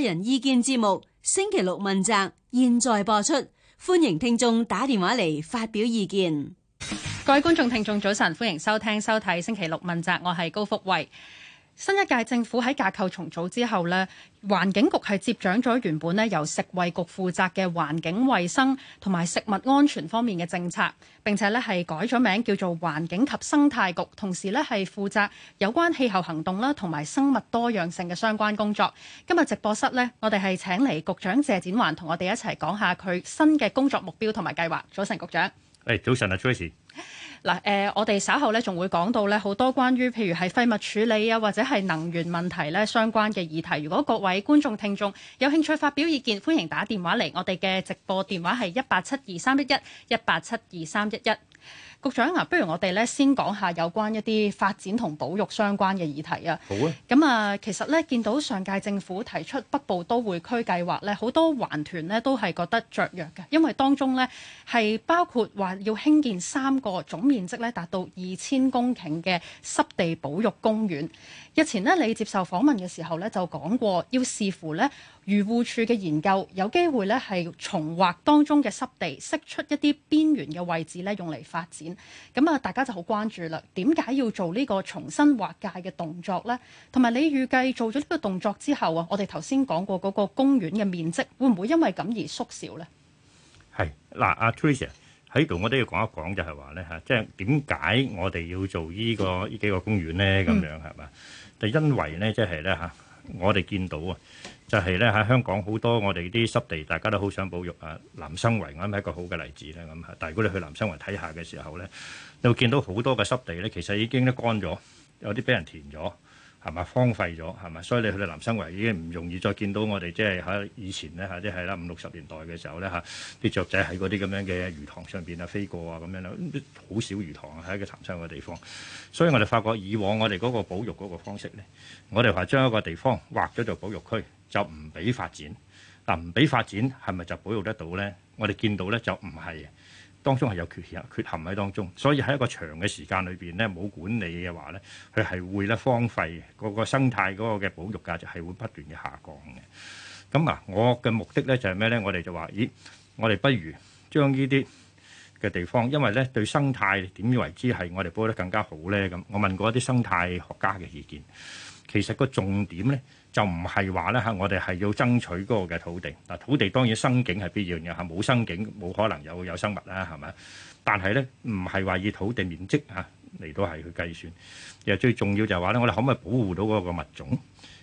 個人意見節目星期六問責，現在播出，歡迎聽眾打電話嚟發表意見。各位觀眾、聽眾早晨，歡迎收聽收睇星期六問責，我係高福慧。新一屆政府喺架構重組之後咧，環境局係接掌咗原本咧由食衛局負責嘅環境衛生同埋食物安全方面嘅政策，並且咧係改咗名叫做環境及生態局，同時咧係負責有關氣候行動啦同埋生物多樣性嘅相關工作。今日直播室咧，我哋係請嚟局長謝展寰同我哋一齊講下佢新嘅工作目標同埋計劃。早晨，局長。誒，hey, 早晨啊 Tracy 嗱，誒、呃，我哋稍後咧仲會講到咧好多關於譬如係廢物處理啊，或者係能源問題咧相關嘅議題。如果各位觀眾聽眾有興趣發表意見，歡迎打電話嚟我哋嘅直播電話係一八七二三一一一八七二三一一。局長啊，不如我哋咧先講下有關一啲發展同保育相關嘅議題啊。好啊的。咁啊，其實咧見到上屆政府提出北部都會區計劃咧，好多環團呢都係覺得雀躍嘅，因為當中呢係包括話要興建三個總面積咧達到二千公頃嘅濕地保育公園。日前咧，你接受訪問嘅時候咧，就講過要視乎咧漁護處嘅研究，有機會咧係重劃當中嘅濕地，釋出一啲邊緣嘅位置咧，用嚟發展。咁啊，大家就好關注啦。點解要做呢個重新劃界嘅動作呢？同埋你預計做咗呢個動作之後啊，我哋頭先講過嗰個公園嘅面積會唔會因為咁而縮小呢？係嗱，阿 Tricia。喺度我都要講一講就，就係話咧嚇，即係點解我哋要做依、這個依幾個公園咧？咁樣係嘛、嗯？就因為咧，即係咧嚇，我哋見到啊，就係咧喺香港好多我哋啲濕地，大家都好想保育啊。南生圍咁係一個好嘅例子咧。咁，但係如果你去南生圍睇下嘅時候咧，你會見到好多嘅濕地咧，其實已經都乾咗，有啲俾人填咗。係咪荒廢咗？係咪？所以你去到南生圍已經唔容易再見到我哋即係喺以前呢，即係啦五六十年代嘅時候呢。嚇啲雀仔喺嗰啲咁樣嘅魚塘上邊啊飛過啊咁樣啦，好少魚塘啊，喺個潭山嘅地方。所以我哋發覺以往我哋嗰個保育嗰個方式呢，我哋話將一個地方劃咗做保育區，就唔俾發展嗱，唔俾發展係咪就保育得到呢？我哋見到呢，就唔係。當中係有缺陷，缺陷喺當中，所以喺一個長嘅時間裏邊呢，冇管理嘅話呢，佢係會咧荒廢，個個生態嗰個嘅保育價值係會不斷嘅下降嘅。咁啊，我嘅目的呢就係咩呢？我哋就話咦，我哋不如將呢啲嘅地方，因為呢對生態點樣為之係我哋保得更加好呢。咁我問過一啲生態學家嘅意見，其實個重點呢。就唔係話咧嚇，我哋係要爭取嗰個嘅土地。嗱，土地當然生境係必要嘅嚇，冇生境冇可能有有生物啦，係咪啊？但係咧，唔係話以土地面積嚇嚟到係去計算。其實最重要就係話咧，我哋可唔可以保護到嗰個物種？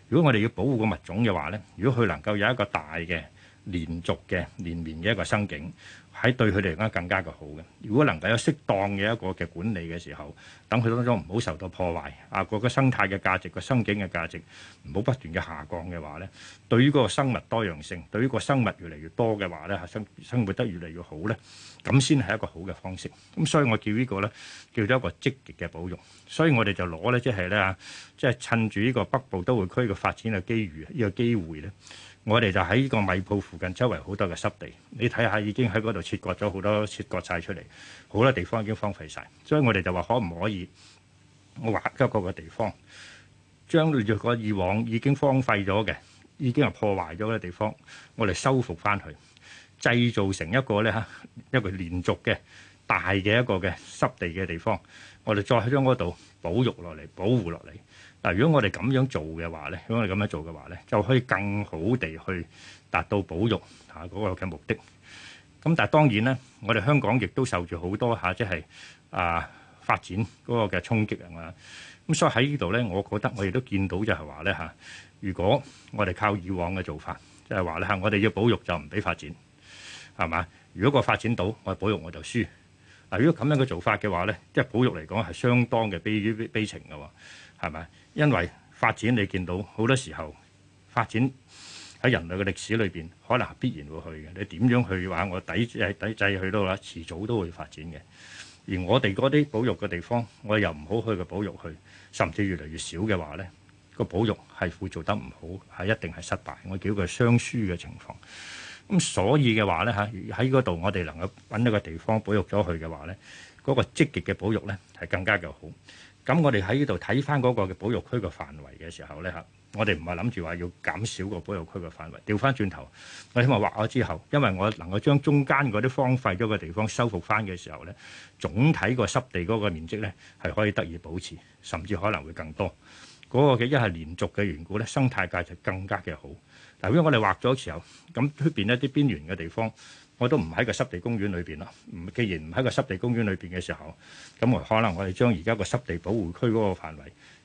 如果我哋要保護個物種嘅話咧，如果佢能夠有一個大嘅。連續嘅連綿嘅一個生境，喺對佢哋嚟講更加嘅好嘅。如果能夠有適當嘅一個嘅管理嘅時候，等佢當中唔好受到破壞，啊，嗰個生態嘅價值、個生境嘅價值唔好不斷嘅下降嘅話呢，對於嗰個生物多樣性，對於個生物越嚟越多嘅話呢嚇，生生活得越嚟越好呢，咁先係一個好嘅方式。咁所以我叫呢個呢叫做一個積極嘅保育。所以我哋就攞呢，即係呢，嚇，即係趁住呢個北部都會區嘅發展嘅機遇，呢個機會呢。我哋就喺呢個米埔附近，周圍好多嘅濕地，你睇下已經喺嗰度切割咗好多，切割晒出嚟，好多地方已經荒廢晒。所以我哋就話可唔可以，我劃咗個，個地方，將弱過以往已經荒廢咗嘅，已經係破壞咗嘅地方，我哋修復翻去，製造成一個呢，一個連續嘅大嘅一個嘅濕地嘅地方，我哋再將嗰度保育落嚟，保護落嚟。嗱，如果我哋咁樣做嘅話咧，如果我哋咁樣做嘅話咧，就可以更好地去達到保育嚇嗰個嘅目的。咁但係當然咧，我哋香港亦都受住好多下、啊、即係啊發展嗰個嘅衝擊啊。咁所以喺呢度咧，我覺得我亦都見到就係話咧嚇，如果我哋靠以往嘅做法，即係話咧嚇，我哋要保育就唔俾發展，係嘛？如果個發展到我保育我就輸。嗱、啊，如果咁樣嘅做法嘅話咧，即係保育嚟講係相當嘅悲悲情嘅喎，係咪？因為發展，你見到好多時候發展喺人類嘅歷史裏邊，可能必然會去嘅。你點樣去嘅話我抵制，抵制去都話，遲早都會發展嘅。而我哋嗰啲保育嘅地方，我又唔好去嘅保育去，甚至越嚟越少嘅話呢，個保育係會做得唔好，係一定係失敗。我叫佢雙輸嘅情況。咁所以嘅話呢，嚇，喺嗰度我哋能夠揾一個地方保育咗佢嘅話呢，嗰、嗰個積極嘅保育呢，係更加嘅好。咁我哋喺呢度睇翻嗰個保育區嘅範圍嘅時候呢，嚇，我哋唔係諗住話要減少個保育區嘅範圍，調翻轉頭，我希望劃咗之後，因為我能夠將中間嗰啲荒廢咗嘅地方修復翻嘅時候呢，總體個濕地嗰個面積呢係可以得以保持，甚至可能會更多嗰、嗰個嘅一係連續嘅緣故呢，生態價值更加嘅好。但如果我哋劃咗時候，咁出邊一啲邊緣嘅地方。我都唔喺個濕地公園裏邊咯。唔，既然唔喺個濕地公園裏邊嘅時候，咁我可能我哋將而家個濕地保護區嗰個範圍，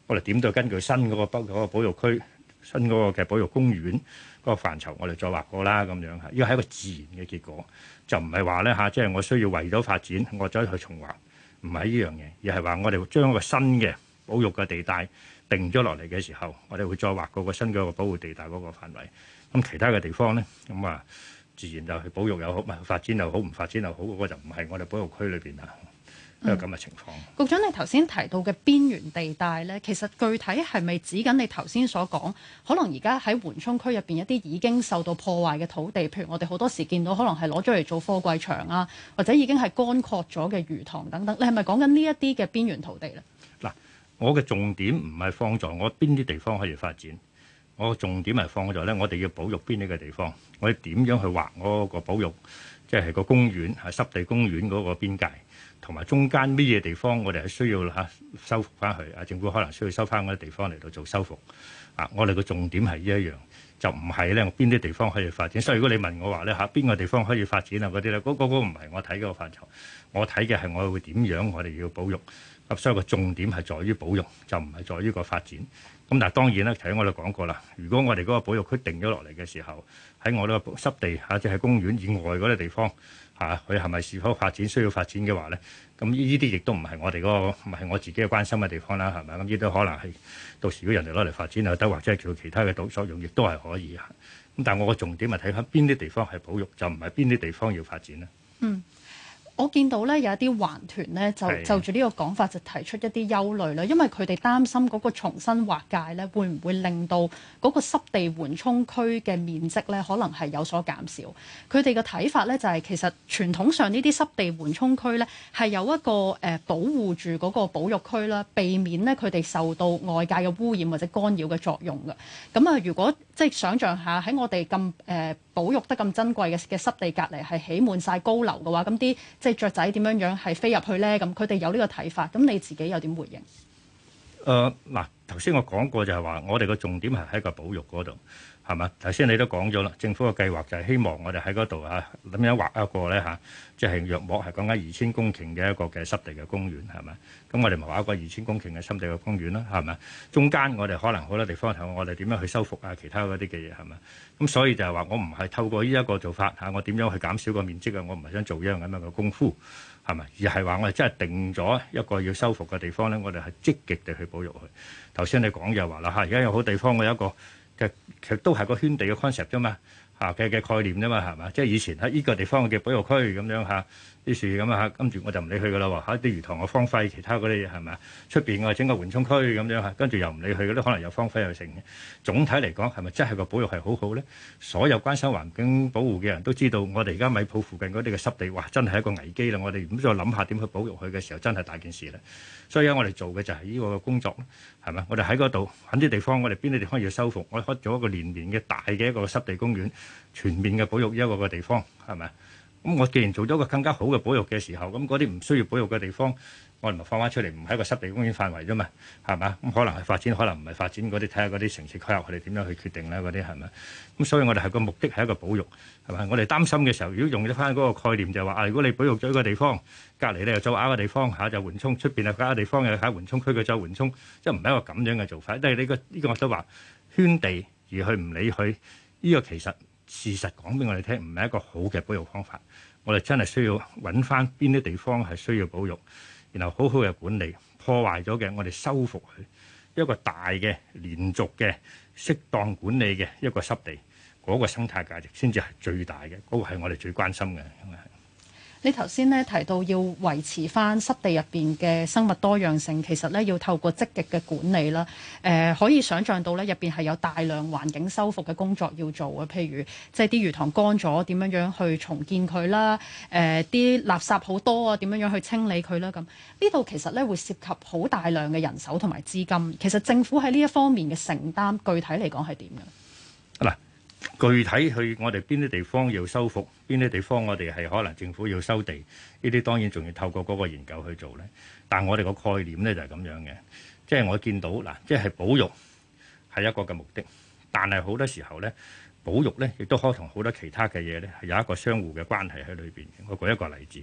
我哋點到根據新嗰個北嗰個保育區、新嗰個嘅保育公園嗰個範疇，我哋再劃過啦咁樣。呢個係一個自然嘅結果，就唔係話咧嚇，即係，啊，即係，我需要為咗發展，我再去重劃，唔係呢樣嘢，而係話我哋將個新嘅保育嘅地帶定咗落嚟嘅時候，我哋會再劃過個新嘅保護地帶嗰個範圍。咁其他嘅地方咧，咁啊。自然就去保育又好，唔發展又好，唔發展又好嗰個就唔係我哋保育區裏邊啦，呢個咁嘅情況，嗯。局長，你頭先提到嘅邊緣地帶咧，其實具體係咪指緊你頭先所講，可能而家喺緩衝區入邊一啲已經受到破壞嘅土地，譬如我哋好多時見到可能係攞咗嚟做貨櫃場啊，或者已經係乾涸咗嘅魚塘等等，你係咪講緊呢一啲嘅邊緣土地咧？嗱，我嘅重點唔係放在我邊啲地方可以發展。我重點係放咗咧，我哋要保育邊呢個地方，我哋點樣去劃我個保育，即係個公園、係濕地公園嗰個邊界，同埋中間咩嘢地方我哋係需要嚇修復翻去。啊，政府可能需要收翻嗰啲地方嚟到做修復。啊，我哋個重點係呢一樣，就唔係咧邊啲地方可以發展。所以如果你問我話咧嚇邊個地方可以發展啊嗰啲咧，嗰嗰唔係我睇個範疇，我睇嘅係我會點樣我哋要保育。咁所以個重點係在於保育，就唔係在於個發展。咁但係當然啦，頭先我哋講過啦，如果我哋嗰個保育區定咗落嚟嘅時候，喺我呢個濕地嚇、啊，即係公園以外嗰啲地方嚇，佢係咪是否發展需要發展嘅話咧？咁呢啲亦都唔係我哋嗰、嗰個，唔係我自己嘅關心嘅地方啦，係咪？咁呢啲可能係到時如果人哋攞嚟發展又得，或者叫其他嘅作用，亦都係可以。咁但係我個重點係睇翻邊啲地方係保育，就唔係邊啲地方要發展咧。嗯。我見到咧，有一啲環團咧就就住呢個講法就提出一啲憂慮啦，因為佢哋擔心嗰個重新劃界咧會唔會令到嗰個濕地緩衝區嘅面積咧可能係有所減少。佢哋嘅睇法咧就係、是、其實傳統上呢啲濕地緩衝區咧係有一個誒、呃、保護住嗰個保育區啦，避免咧佢哋受到外界嘅污染或者干擾嘅作用嘅。咁啊，如果即係想像下喺我哋咁誒保育得咁珍貴嘅嘅濕地隔籬係起滿晒高樓嘅話，咁啲即雀仔點樣樣係飛入去呢？咁佢哋有呢個睇法，咁你自己又點回應？誒，嗱，頭先我講過就係話，我哋個重點係喺個保育嗰度。係嘛？頭先你都講咗啦，政府嘅計劃就係希望我哋喺嗰度啊，咁樣畫一個咧嚇，即、啊、係、就是、若莫係講緊二千公頃嘅一個嘅濕地嘅公園，係咪？咁我哋咪畫一個二千公頃嘅濕地嘅公園啦，係咪？中間我哋可能好多地方，我我哋點樣去修復啊，其他嗰啲嘅嘢係咪？咁所以就係話，我唔係透過呢一個做法嚇、啊，我點樣去減少個面積啊？我唔係想做一樣咁樣嘅功夫係咪？而係話我哋真係定咗一個要修復嘅地方咧，我哋係積極地去保育佢。頭先你講就話啦嚇，而、啊、家有好地方，我有一個。其實其實都係個圈地嘅 concept 啫嘛。嘅概念啫嘛，係嘛？即係以前喺呢個地方嘅保育區咁樣嚇，啲樹咁啊嚇，跟住我就唔理佢噶啦喎。啲魚塘我荒廢，其他嗰啲係嘛？出邊我整個緩衝區咁樣嚇，跟住又唔理佢啲，可能又荒廢又成嘅。總體嚟講係咪真係個保育係好好咧？所有關心環境保護嘅人都知道，我哋而家米埔附近嗰啲嘅濕地，哇！真係一個危機啦！我哋唔好再諗下點去保育佢嘅時候，真係大件事啦。所以而家我哋做嘅就係呢個工作，係咪？我哋喺嗰度揾啲地方，我哋邊啲地方要修復，我哋開咗一個連連嘅大嘅一個濕地公園。全面嘅保育一個個地方係咪？咁我既然做咗一個更加好嘅保育嘅時候，咁嗰啲唔需要保育嘅地方，我哋咪放翻出嚟，唔喺個濕地公園範圍啫嘛，係咪？咁可能係發展，可能唔係發展嗰啲，睇下嗰啲城市規劃，我哋點樣去決定啦？嗰啲係咪？咁所以我哋係個目的係一個保育係咪？我哋擔心嘅時候，如果用咗翻嗰個概念就係話啊，如果你保育咗一個地方，隔離咧又做啱嘅地方嚇就緩衝出邊啊，其他地方又喺緩衝區佢做緩衝，即係唔係一個咁樣嘅做法？但係呢個呢個我都話圈地而去唔理佢呢個其實，事實講俾我哋聽，唔係一個好嘅保育方法。我哋真係需要揾翻邊啲地方係需要保育，然後好好嘅管理，破壞咗嘅我哋修復佢。一個大嘅連續嘅適當管理嘅一個濕地，嗰個生態價值先至係最大嘅。嗰個係我哋最關心嘅。你頭先咧提到要維持翻濕地入邊嘅生物多樣性，其實咧要透過積極嘅管理啦，誒、呃、可以想像到咧入邊係有大量環境修復嘅工作要做嘅，譬如即係啲魚塘乾咗，點樣樣去重建佢啦？誒、呃、啲垃圾好多啊，點樣樣去清理佢啦？咁呢度其實咧會涉及好大量嘅人手同埋資金，其實政府喺呢一方面嘅承擔，具體嚟講係點樣？具體去我哋邊啲地方要修復，邊啲地方我哋係可能政府要收地，呢啲當然仲要透過嗰個研究去做呢。但我哋個概念呢就係咁樣嘅，即係我見到嗱，即係保育係一個嘅目的，但係好多時候呢，保育呢亦都可以同好多其他嘅嘢呢係有一個相互嘅關係喺裏邊。我舉一個例子，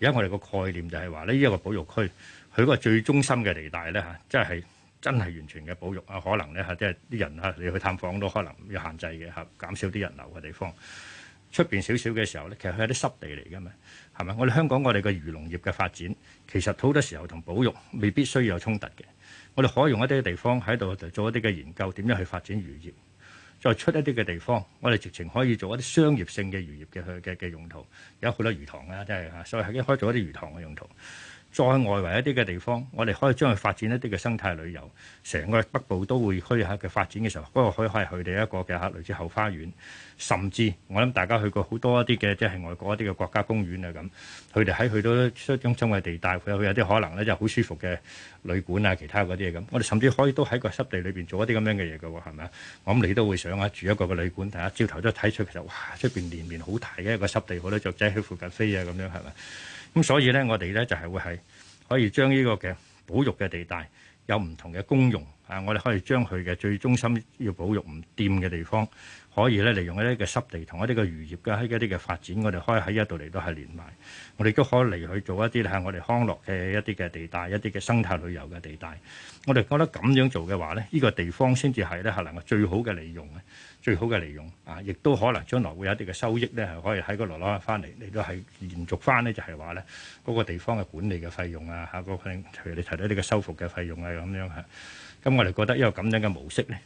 而家我哋個概念就係話呢一個保育區，佢個最中心嘅地帶呢，嚇，即係，真係完全嘅保育啊！可能呢，即係啲人嚇、啊，你去探訪都可能有限制嘅嚇、啊，減少啲人流嘅地方。出邊少少嘅時候呢，其實佢係啲濕地嚟嘅嘛，係咪？我哋香港我哋嘅漁農業嘅發展，其實好多時候同保育未必需要有衝突嘅。我哋可以用一啲嘅地方喺度做一啲嘅研究，點樣去發展漁業？再出一啲嘅地方，我哋直情可以做一啲商業性嘅漁業嘅嘅用途。有好多魚塘啊，即係、啊、所以已經開做一啲魚塘嘅用途。再外圍一啲嘅地方，我哋可以將佢發展一啲嘅生態旅遊。成個北部都會區下嘅發展嘅時候，不過可以係佢哋一個嘅嚇，類似後花園。甚至我諗大家去過好多一啲嘅，即係外國一啲嘅國家公園啊咁。佢哋喺去到濕中濕嘅地帶，佢有啲可能咧就好舒服嘅旅館啊，其他嗰啲嘢咁。我哋甚至可以都喺個濕地裏邊做一啲咁樣嘅嘢嘅喎，係咪啊？我諗你都會想啊，住一個嘅旅館，大家朝頭都睇出其實哇，出邊連綿好大嘅一個濕地，好多雀仔喺附近飛啊咁樣，係咪？咁所以咧，我哋咧就係、是、會係可以將呢個嘅保育嘅地帶有唔同嘅功用啊，我哋可以將佢嘅最中心要保育唔掂嘅地方，可以咧利用一啲嘅濕地同一啲嘅漁業嘅喺一啲嘅發展，我哋可以喺一度嚟到係連埋。我哋都可以嚟去做一啲係我哋康樂嘅一啲嘅地帶，一啲嘅生態旅遊嘅地帶。我哋覺得咁樣做嘅話咧，呢、這個地方先至係咧係能夠最好嘅利用啊！最好嘅利用啊，亦都可能將來會有一啲嘅收益咧，係可以喺個攞攞翻嚟，你都係延續翻咧，就係話咧嗰個地方嘅管理嘅費用啊，下、嗰個譬如你提到呢個修復嘅費用啊咁樣嚇，咁我哋覺得一個咁樣嘅模式咧，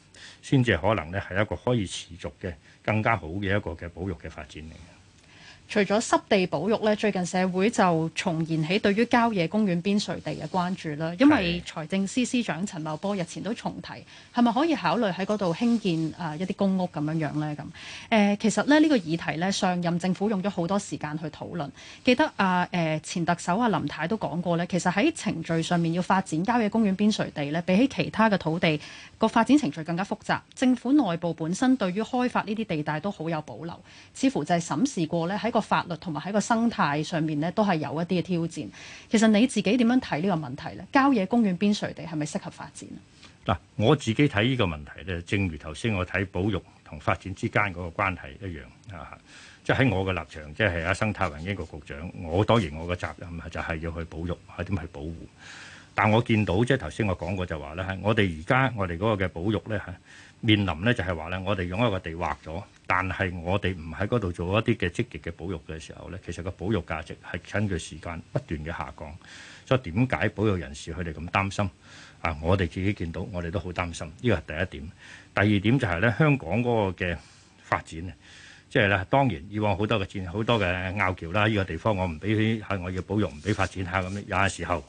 先至可能咧係一個可以持續嘅更加好嘅一個嘅保育嘅發展嚟嘅。除咗濕地保育呢，最近社會就重燃起對於郊野公園邊陲地嘅關注啦。因為財政司司長陳茂波日前都重提，係咪可以考慮喺嗰度興建啊一啲公屋咁樣樣呢？咁、呃、誒，其實咧呢、呢個議題呢，上任政府用咗好多時間去討論。記得啊誒、呃，前特首阿林太都講過呢，其實喺程序上面要發展郊野公園邊陲地呢，比起其他嘅土地個發展程序更加複雜。政府內部本身對於開發呢啲地帶都好有保留，似乎就係審視過呢。喺個。法律同埋喺個生態上面呢，都係有一啲嘅挑戰。其實你自己點樣睇呢個問題呢？郊野公園邊陲地係咪適合發展？嗱，我自己睇呢個問題呢，正如頭先我睇保育同發展之間嗰個關係一樣啊。即係喺我嘅立場，即係阿生態環境局局長，我當然我嘅責任就係要去保育，係點去保護。但我見到即係頭先我講過就話咧，我哋而家我哋嗰個嘅保育呢，吓，面臨呢就係話呢，我哋用一個地劃咗。但係我哋唔喺嗰度做一啲嘅積極嘅保育嘅時候呢，其實個保育價值係跟住時間不斷嘅下降，所以點解保育人士佢哋咁擔心？啊，我哋自己見到，我哋都好擔心。呢個係第一點。第二點就係呢香港嗰個嘅發展啊，即係呢當然以往好多嘅戰，好多嘅拗撬啦，呢個地方我唔俾，係我要保育唔俾發展下咁樣，有時候。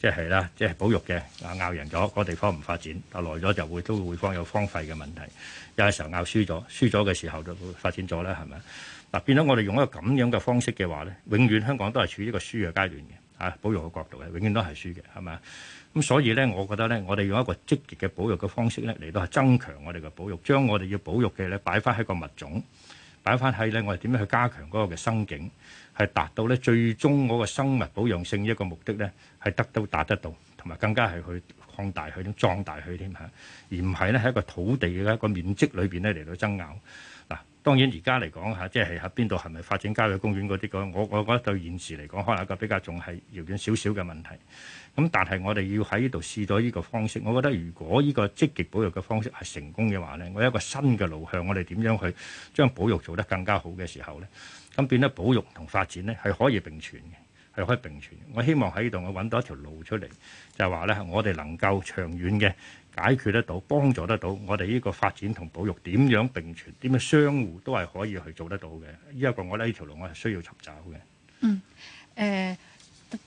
即係啦，即係保育嘅，咬贏咗個地方唔發展，但耐咗就會都會方有荒廢嘅問題。有時候咬輸咗，輸咗嘅時候就發展咗啦，係咪啊？嗱，變咗我哋用一個咁樣嘅方式嘅話咧，永遠香港都係處於一個輸嘅階段嘅，啊保育嘅角度嘅，永遠都係輸嘅，係咪啊？咁所以咧，我覺得咧，我哋用一個積極嘅保育嘅方式咧，嚟到係增強我哋嘅保育，將我哋要保育嘅咧擺翻喺個物種，擺翻喺咧我哋點樣去加強嗰個嘅生境。係達到咧最終嗰個生物保養性一個目的咧，係得到、達得到，同埋更加係去擴大去添、壯大去添嚇，而唔係咧喺一個土地嘅一個面積裏邊咧嚟到爭拗。嗱，當然而家嚟講嚇，即係喺邊度係咪發展郊野公園嗰啲咁，我我覺得對現時嚟講，可能一個比較仲係遙遠少少嘅問題。咁但係我哋要喺呢度試咗呢個方式，我覺得如果呢個積極保育嘅方式係成功嘅話呢，我有一個新嘅路向，我哋點樣去將保育做得更加好嘅時候呢？咁變得保育同發展咧係可以並存嘅，係可以並存。我希望喺呢度我揾到一條路出嚟，就係話咧，我哋能夠長遠嘅解決得到，幫助得到我哋呢個發展同保育點樣並存，點樣相互都係可以去做得到嘅。呢一個我覺得呢條路我係需要尋找嘅。嗯，誒、欸。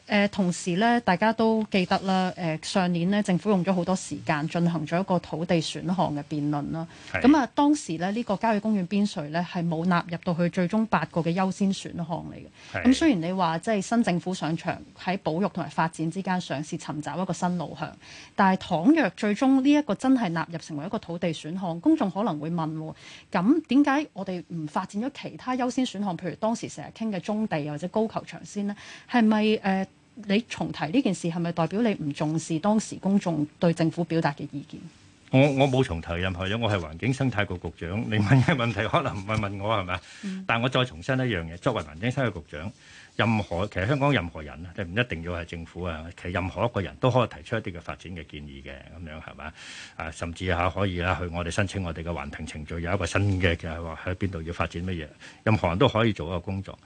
呃、同時咧，大家都記得啦。誒、呃、上年呢，政府用咗好多時間進行咗一個土地選項嘅辯論啦。咁啊是、嗯，當時咧呢、呢個郊野公園邊陲呢，係冇納入到去最終八個嘅優先選項嚟嘅。咁是、嗯、雖然你話即係新政府上場喺保育同埋發展之間嘗試尋找一個新路向，但係倘若最終呢一個真係納入成為一個土地選項，公眾可能會問，哦：咁點解我哋唔發展咗其他優先選項，譬如當時成日傾嘅棕地或者高球場先呢？係咪你重提呢件事係咪代表你唔重視當時公眾對政府表達嘅意見？我我冇重提任何嘢，我係環境生態局局長。你問嘅問題可能唔係問我係咪？嗯，但係我再重申一樣嘢，作為環境生態局局長，任何其實香港任何人啊，即唔一定要係政府啊，其實任何一個人都可以提出一啲嘅發展嘅建議嘅，咁樣係咪啊？甚至嚇可以啦，去我哋申請我哋嘅環評程序，有一個新嘅嘅話喺邊度要發展乜嘢，任何人都可以做一個工作。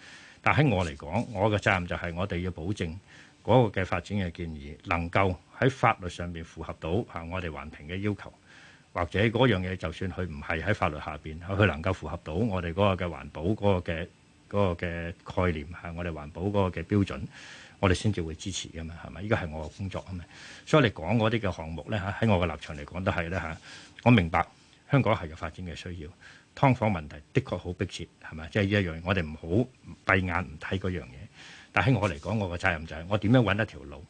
但喺我嚟講，我嘅責任就係我哋要保證嗰個嘅發展嘅建議能夠喺法律上面符合到嚇我哋環評嘅要求，或者嗰樣嘢就算佢唔係喺法律下邊，佢能夠符合到我哋嗰個嘅環保嗰個嘅嗰個嘅概念係我哋環保嗰個嘅標準，我哋先至會支持噶嘛，係咪？呢個係我嘅工作啊嘛，所以你講嗰啲嘅項目咧嚇，喺我嘅立場嚟講都係咧嚇，我明白香港係有發展嘅需要。劏房問題的確好迫切，係咪？即係呢一樣，我哋唔好閉眼唔睇嗰樣嘢。但喺我嚟講，我個責任就係我點樣揾一條路，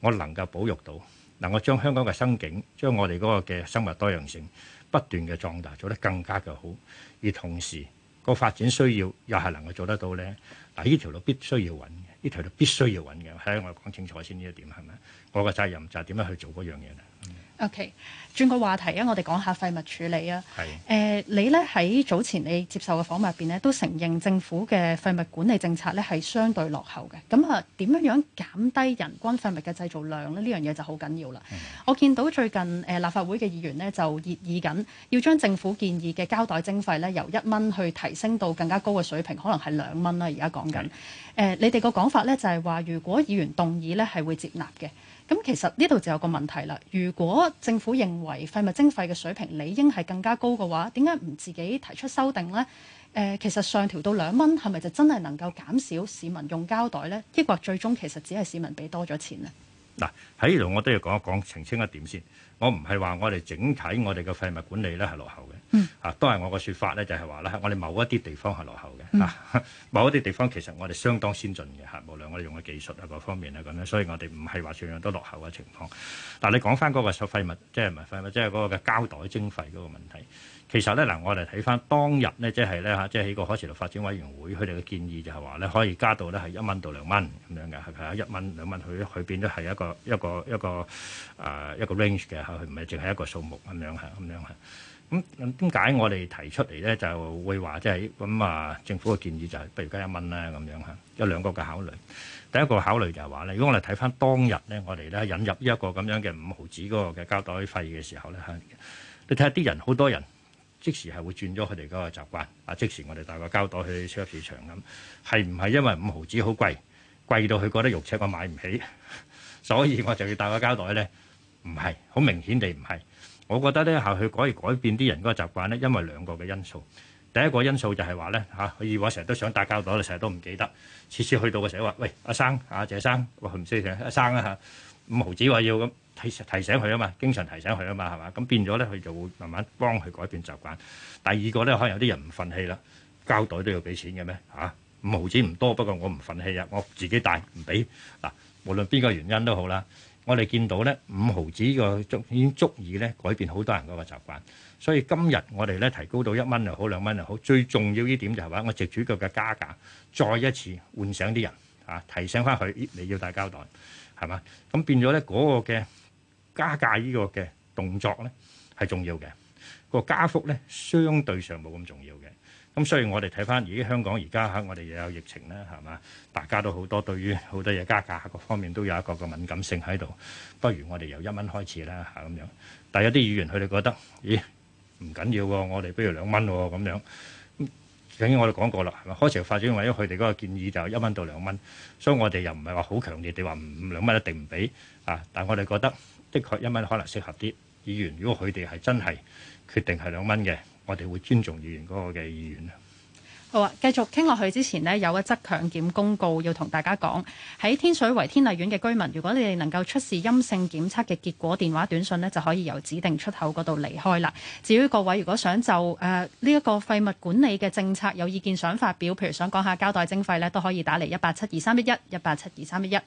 我能夠保育到，能夠將香港嘅生境、將我哋嗰個嘅生物多樣性不斷嘅壯大，做得更加嘅好。而同時個發展需要又係能夠做得到呢。嗱，呢條路必須要揾，呢條路必須要揾嘅。喺我講清楚先呢一點係咪？我個責任就係點樣去做嗰樣嘢。OK，轉個話題啊，我哋講下廢物處理啊。係是，誒、呃，你咧喺早前你接受嘅訪問入邊咧，都承認政府嘅廢物管理政策咧係相對落後嘅。咁啊，點、呃、樣樣減低人均廢物嘅製造量咧？呢樣嘢就好緊要啦。是我見到最近誒、呃、立法會嘅議員咧就熱議議緊，要將政府建議嘅膠袋徵費咧由一蚊去提升到更加高嘅水平，可能係兩蚊啦。而家講緊誒，你哋個講法咧就係話，如果議員動議咧係會接納嘅。咁其實呢度就有個問題啦。如果政府認為廢物徵費嘅水平理應係更加高嘅話，點解唔自己提出修訂呢？誒、呃，其實上調到兩蚊，係咪就真係能夠減少市民用膠袋呢？抑或最終其實只係市民俾多咗錢呢？嗱，喺呢度我都要講一講澄清一點先。我唔係話我哋整體我哋嘅廢物管理咧係落後嘅。嗯、啊都係我個説法咧就係話咧，我哋某一啲地方係落後嘅，嚇、嗯啊、某一啲地方其實我哋相當先進嘅嚇，無論我哋用嘅技術啊各方面啊咁樣，所以我哋唔係話全樣都落後嘅情況。但係你講翻嗰個收廢物，即係唔係廢物，即係嗰個嘅膠袋徵費嗰個問題。其實咧嗱，我哋睇翻當日呢，即係咧嚇，即係喺個可持續發展委員會佢哋嘅建議就係話咧，可以加到咧係一蚊到兩蚊咁樣嘅嚇，一蚊兩蚊佢佢變咗係一個一個一個誒一個 range 嘅嚇，唔係淨係一個數目咁樣嚇，咁樣嚇。咁咁點解我哋提出嚟咧就會話即係咁啊？政府嘅建議就係不如加一蚊啦咁樣嚇，有兩個嘅考慮。第一個考慮就係話咧，如果我哋睇翻當日咧，我哋咧引入一個咁樣嘅五毫子嗰個嘅膠袋費嘅時候咧，你睇下啲人好多人。即時係會轉咗佢哋嗰個習慣啊！即時我哋帶個膠袋去超級市場咁，係唔係因為五毫子好貴，貴到佢覺得肉赤，我買唔起，所以我就要帶個膠袋咧？唔係，好明顯地唔係。我覺得咧，係佢可以改變啲人嗰個習慣咧，因為兩個嘅因素。第一個因素就係話咧嚇，以往成日都想帶膠袋，但成日都唔記得，次次去到嘅時候話：喂，阿生，阿謝生，佢唔識你阿生啊嚇，五毫子話要咁。提提醒佢啊嘛，經常提醒佢啊嘛，係嘛？咁變咗咧，佢就會慢慢幫佢改變習慣。第二個咧，可能有啲人唔憤氣啦，膠袋都要俾錢嘅咩嚇？五毫子唔多，不過我唔憤氣啊，我自己帶唔俾嗱。無論邊個原因都好啦，我哋見到咧五毫子，呢個足已經足以咧改變好多人嗰個習慣。所以今日我哋咧提高到一蚊又好，兩蚊又好，最重要呢點就係話我藉住佢嘅加價再一次喚醒啲人啊，提醒翻佢你要帶膠袋係嘛？咁變咗咧嗰個嘅。加價呢個嘅動作咧係重要嘅，個加幅咧相對上冇咁重要嘅。咁所以我哋睇翻而家香港而家我哋又有疫情啦，係嘛？大家都好多對於好多嘢加價各方面都有一個個敏感性喺度。不如我哋由一蚊開始啦，嚇咁樣。但有啲議員佢哋覺得咦，唔緊要喎，我哋不如兩蚊咁樣。咁我哋講過啦，係嘛？開始發展為咗佢哋嗰個建議就一蚊到兩蚊，所以我哋又唔係話好強烈地話唔兩蚊一定唔俾啊。但係我哋覺得。的確，一蚊可能適合啲議員，如果佢哋係真係決定係兩蚊嘅，我哋會尊重議員嗰個嘅意願啦。好啊，繼續傾落去之前呢，有一則強檢公告要同大家講，喺天水圍天麗苑嘅居民，如果你哋能夠出示陰性檢測嘅結果電話短信呢，就可以由指定出口嗰度離開啦。至於各位如果想就誒呢一個廢物管理嘅政策有意見想發表，譬如想講下膠袋徵費呢，都可以打嚟一八七二三一一一八七二三一一。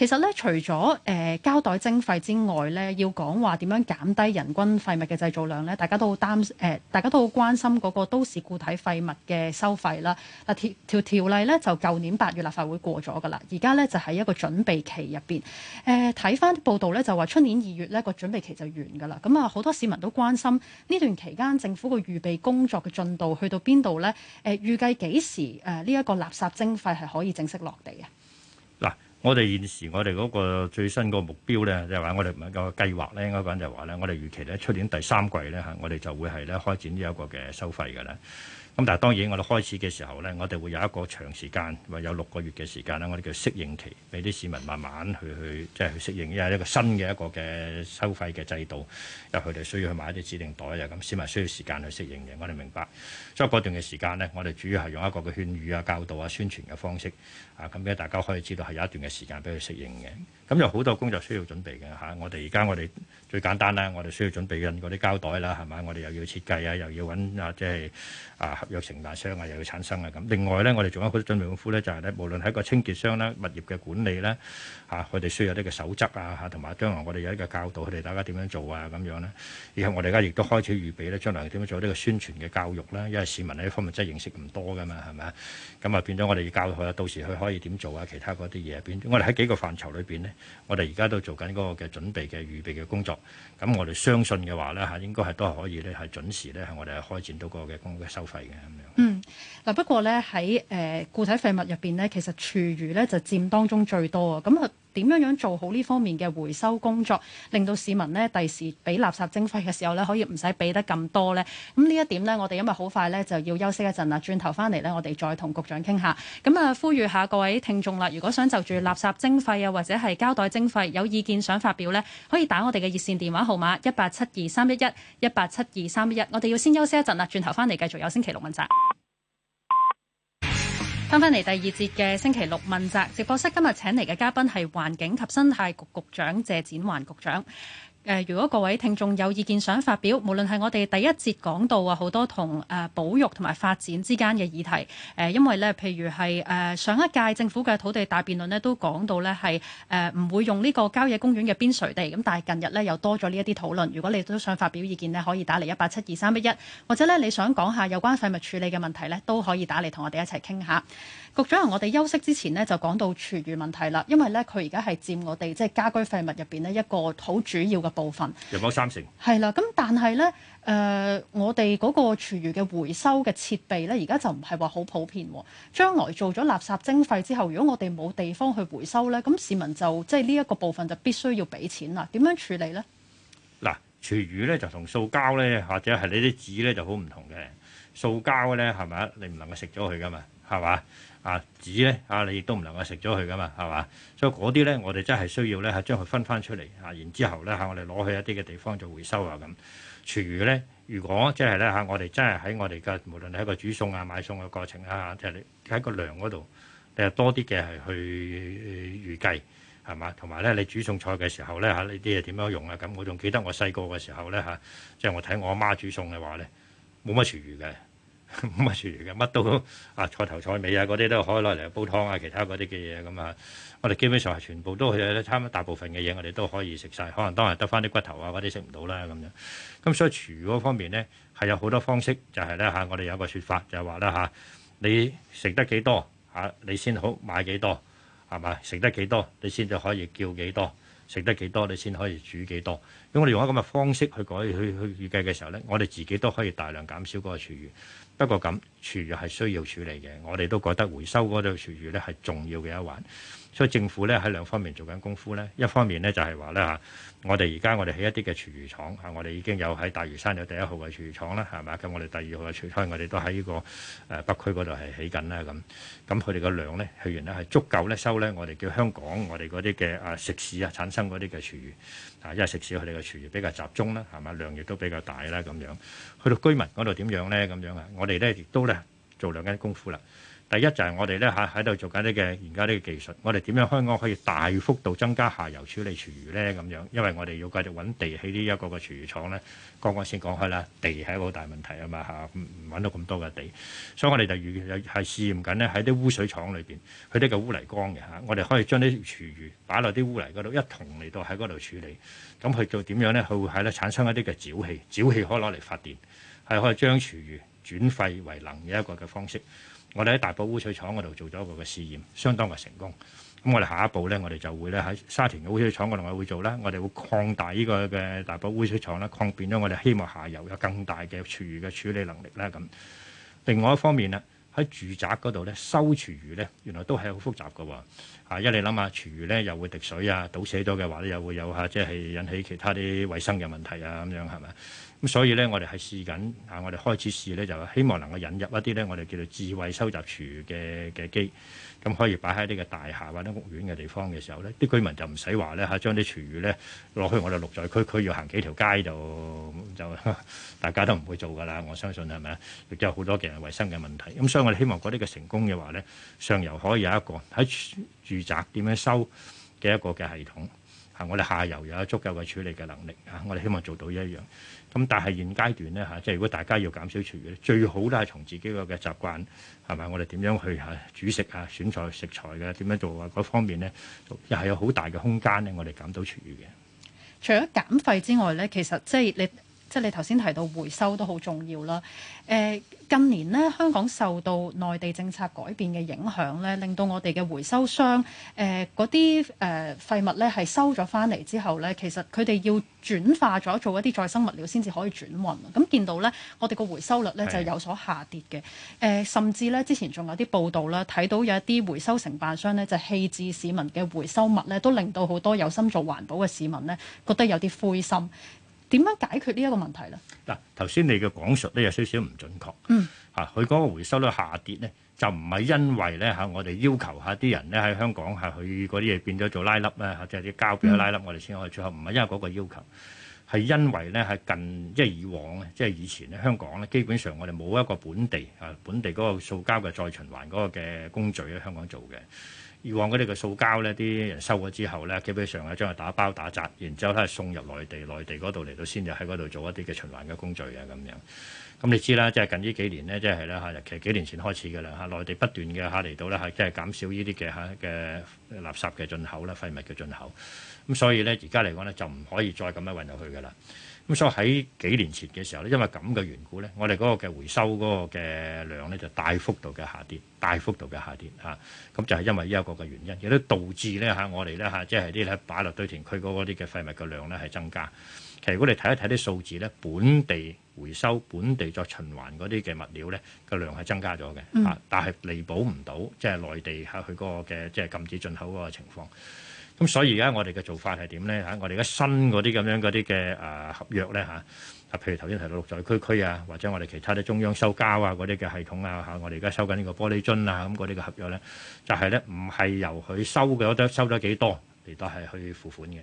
其實咧，除咗誒膠袋徵費之外咧，要講話點樣減低人均廢物嘅製造量咧，大家都好擔心誒，大家都好關心嗰個都市固體廢物嘅收費啦。嗱條條條例咧就舊年八月立法會過咗噶啦，而家咧就喺一個準備期入邊。誒睇翻報道咧就話，出年二月呢個準備期就完噶啦。咁、嗯、啊，好多市民都關心呢段期間政府個預備工作嘅進度去到邊度咧？誒預計幾時誒呢一個垃圾徵費係可以正式落地嘅？我哋現時我哋嗰個最新個目標咧，就係話我哋唔係個計劃咧，應該講就係話咧，我哋預期咧，出年第三季咧嚇，我哋就會係咧開展呢一個嘅收費嘅咧。咁但係當然，我哋開始嘅時候呢，我哋會有一個長時間，話有六個月嘅時間啦。我哋叫適應期，俾啲市民慢慢去去，即係去適應，因為一個新嘅一個嘅收費嘅制度，入佢哋需要去買一啲指定袋啊，咁先係需要時間去適應嘅。我哋明白，所以嗰段嘅時間呢，我哋主要係用一個嘅勸語啊、教導啊、宣傳嘅方式啊，咁俾大家可以知道係有一段嘅時間俾佢適應嘅。咁、嗯、有好多工作需要準備嘅嚇、啊，我哋而家我哋最簡單啦，我哋需要準備緊嗰啲膠袋啦，係咪？我哋又要設計啊，又要揾啊，即係啊～合約承辦商啊，又要產生啊咁。另外咧，我哋仲有一個準備功夫咧，就係咧，無論係一個清潔商咧、物業嘅管理咧，嚇，佢哋需要有呢個守則啊嚇，同埋將來我哋有一個教導佢哋大家點樣做啊咁樣咧。以後我哋而家亦都開始預備咧，將來點樣做呢個宣傳嘅教育咧？因為市民咧一方面真係認識唔多噶嘛，係咪啊？咁啊變咗我哋要教佢啊，到時佢可以點做啊？其他嗰啲嘢。變咗，我哋喺幾個範疇裏邊咧，我哋而家都做緊嗰個嘅準備嘅預備嘅工作。咁我哋相信嘅話咧嚇，應該係都係可以咧，係準時咧，係我哋係開展到個嘅公嘅收費。嗯，嗱、啊，不過咧喺誒固體廢物入邊咧，其實廚餘咧就佔當中最多啊，咁、嗯、啊。呃點樣樣做好呢方面嘅回收工作，令到市民呢第時俾垃圾徵費嘅時候呢可以唔使俾得咁多呢？咁呢一點呢，我哋因為好快呢就要休息一陣啦，轉頭翻嚟呢，我哋再同局長傾下。咁啊，呼籲下各位聽眾啦，如果想就住垃圾徵費啊，或者係膠袋徵費有意見想發表呢，可以打我哋嘅熱線電話號碼一八七二三一一一八七二三一一。我哋要先休息一陣啦，轉頭翻嚟繼續有星期六問責。翻返嚟第二節嘅星期六問責直播室，今日請嚟嘅嘉賓係環境及生態局局長謝展寰局長。誒、呃，如果各位聽眾有意見想發表，無論係我哋第一節講到啊，好多同誒、呃、保育同埋發展之間嘅議題，誒、呃，因為呢，譬如係誒、呃、上一屆政府嘅土地大辯論呢，都講到呢係誒唔會用呢個郊野公園嘅邊陲地，咁但係近日呢又多咗呢一啲討論。如果你都想發表意見呢，可以打嚟一八七二三一一，或者呢你想講下有關廢物處理嘅問題呢，都可以打嚟同我哋一齊傾下。局長，我哋休息之前呢，就講到廚餘問題啦，因為呢，佢而家係佔我哋即係家居廢物入邊呢一個好主要嘅部分，有冇三成？係啦，咁但係呢，誒、呃，我哋嗰個廚餘嘅回收嘅設備呢，而家就唔係話好普遍，哦。將來做咗垃圾徵費之後，如果我哋冇地方去回收呢，咁市民就即係呢一個部分就必須要俾錢啦。點樣處理呢？嗱，廚餘呢，就同塑膠呢，或者係你啲紙呢，就好唔同嘅，塑膠呢，係咪？你唔能夠食咗佢噶嘛，係嘛？啊，紙咧，啊你亦都唔能夠食咗佢噶嘛，係嘛？所以嗰啲咧，我哋真係需要咧，係將佢分翻出嚟啊。然之後咧，嚇我哋攞去一啲嘅地方做回收啊咁。廚餘咧，如果即係咧嚇，我哋真係喺我哋嘅無論喺個煮餸啊、買餸嘅過程啊，即係你喺個糧嗰度，你係多啲嘅係去、呃、預計係嘛？同埋咧，你煮餸菜嘅時候咧嚇，呢啲係點樣用啊？咁我仲記得我細個嘅時候咧嚇、啊，即係我睇我阿媽，媽煮餸嘅話咧，冇乜廚餘嘅。乜廚餘嘅乜都啊，菜頭菜尾啊，嗰啲都可以攞嚟煲湯啊，其他嗰啲嘅嘢咁啊，我哋基本上係全部都係差唔多大部分嘅嘢我哋都可以食晒。可能當日得翻啲骨頭啊嗰啲食唔到啦咁樣。咁、啊、所以廚餘方面咧係有好多方式，就係咧嚇我哋有個説法就係話咧嚇你食得幾多嚇、啊、你先好買幾多係咪？食得幾多你先就可以叫幾多。食得幾多，你先可以煮幾多。咁我哋用一個咁嘅方式去改去去預計嘅時候呢，我哋自己都可以大量減少嗰個廚餘。不過咁，廚餘係需要處理嘅，我哋都覺得回收嗰度廚餘呢係重要嘅一環。所以政府咧喺兩方面做緊功夫咧，一方面咧就係話咧嚇，我哋而家我哋起一啲嘅廚餘廠，嚇、啊、我哋已經有喺大嶼山有第一號嘅廚餘廠啦，係嘛？咁我哋第二號嘅廚餘，我哋都喺、這個啊、呢個誒北區嗰度係起緊啦，咁咁佢哋個量咧，去完咧係足夠咧收咧，我哋叫香港我哋嗰啲嘅啊食肆啊產生嗰啲嘅廚餘，啊因為食肆佢哋嘅廚餘比較集中啦，係嘛，量亦都比較大啦咁樣。去到居民嗰度點樣咧咁樣呢呢啊？我哋咧亦都咧做兩間功夫啦。第一就係我哋咧喺喺度做緊啲嘅而家啲技術，我哋點樣香港可以大幅度增加下游處理廚餘咧咁樣？因為我哋要繼續揾地起呢一個個廚餘廠咧，剛剛先講開啦，地係一個好大問題啊嘛嚇，揾唔到咁多嘅地，所以我哋就係試驗緊呢喺啲污水廠裏邊，佢啲嘅污泥缸嘅嚇，我哋可以將啲廚餘擺落啲污泥嗰度一同嚟到喺嗰度處理。咁佢做點樣咧？佢會喺咧產生一啲嘅沼氣，沼氣可以攞嚟發電，係可以將廚餘轉廢為能嘅一個嘅方式，我哋喺大埔污水廠嗰度做咗一個嘅試驗，相當嘅成功。咁我哋下一步呢，我哋就會呢喺沙田嘅污水廠嗰度我，我同我會做咧，我哋會擴大呢個嘅大埔污水廠咧，擴變咗我哋希望下游有更大嘅廚餘嘅處理能力啦。咁另外一方面呢，喺住宅嗰度呢，收廚餘呢，原來都係好複雜嘅喎。啊，因為你諗下廚餘呢，又會滴水啊，倒死咗嘅話咧又會有嚇，即係引起其他啲衞生嘅問題啊，咁樣係咪？咁所以呢，我哋係試緊啊！我哋開始試呢，就希望能夠引入一啲呢，我哋叫做智慧收集廚餘嘅嘅機，咁、嗯、可以擺喺呢個大廈或者屋苑嘅地方嘅時候呢，啲居民就唔使話呢，嚇，將啲廚餘呢落去我哋綠在區區，區要行幾條街度，就大家都唔會做㗎喇。我相信係咪啊？亦都有好多嘅衞生嘅問題。咁、嗯、所以我哋希望嗰啲嘅成功嘅話呢，上游可以有一個喺住宅點樣收嘅一個嘅系統嚇、啊，我哋下游又有足夠嘅處理嘅能力嚇、啊，我哋希望做到一樣。咁但係現階段咧嚇，即係如果大家要減少廚餘，最好都係從自己個嘅習慣，係咪？我哋點樣去嚇煮食啊、選菜食材嘅點樣做啊嗰方面咧，又係有好大嘅空間咧，我哋減到廚餘嘅。除咗減廢之外咧，其實即係你。即係你頭先提到回收都好重要啦。誒、呃，近年咧香港受到內地政策改變嘅影響咧，令到我哋嘅回收商誒嗰啲誒廢物咧係收咗翻嚟之後咧，其實佢哋要轉化咗做一啲再生物料先至可以轉運。咁見到咧，我哋個回收率咧是就有所下跌嘅。誒、呃，甚至咧之前仲有啲報道啦，睇到有一啲回收承辦商咧就棄、是、置市民嘅回收物咧，都令到好多有心做環保嘅市民咧覺得有啲灰心。點樣解決呢一個問題呢？嗱，頭先你嘅講述咧有少少唔準確。嗯，嚇，佢嗰個回收率下跌呢，就唔係因為呢。嚇我哋要求下啲人呢，喺香港嚇佢嗰啲嘢變咗做拉粒咧，或者啲膠變咗拉粒，即係、拉粒我哋先可以出口，唔係、嗯、因為嗰個要求，係因為呢，係近即係以往咧，即、就、係、係、以前咧，香港呢，基本上我哋冇一個本地嚇本地嗰個塑膠嘅再循環嗰個嘅工序喺香港做嘅。以往嗰啲嘅塑膠呢，啲人收咗之後呢，基本上係將佢打包打紮，然之後呢送入內地，內地嗰度嚟到先至喺嗰度做一啲嘅循環嘅工序啊咁樣。咁、嗯、你知啦，即係近呢幾年呢，即係呢嚇，其實幾年前開始噶啦嚇，內地不斷嘅嚇嚟到呢，嚇，即係減少呢啲嘅嚇嘅垃圾嘅進口啦，廢物嘅進口。咁所以呢，而家嚟講呢，就唔可以再咁樣運入去噶啦。咁、嗯、所以喺幾年前嘅時候呢，因為咁嘅緣故咧，我哋嗰個嘅回收嗰個嘅量呢，就大幅度嘅下跌，大幅度嘅下跌嚇。咁、啊、就係因為呢一個嘅原因，亦都導致咧嚇、啊、我哋咧嚇即係啲咧擺落堆填區嗰啲嘅廢物嘅量咧係增加。其實如果你睇一睇啲數字咧，本地回收、本地作循環嗰啲嘅物料咧個量係增加咗嘅嚇，但係彌補唔到即係內地嚇佢個嘅即係禁止進口嗰個情況。咁、嗯、所以而家我哋嘅做法係點咧嚇？我哋而家新嗰啲咁樣嗰啲嘅誒合約咧嚇，啊譬如頭先提到綠在區區啊，或者我哋其他啲中央收膠啊嗰啲嘅系統啊嚇、啊，我哋而家收緊呢個玻璃樽啊咁嗰啲嘅合約咧，就係咧唔係由佢收嘅得收咗幾多嚟到係去付款嘅。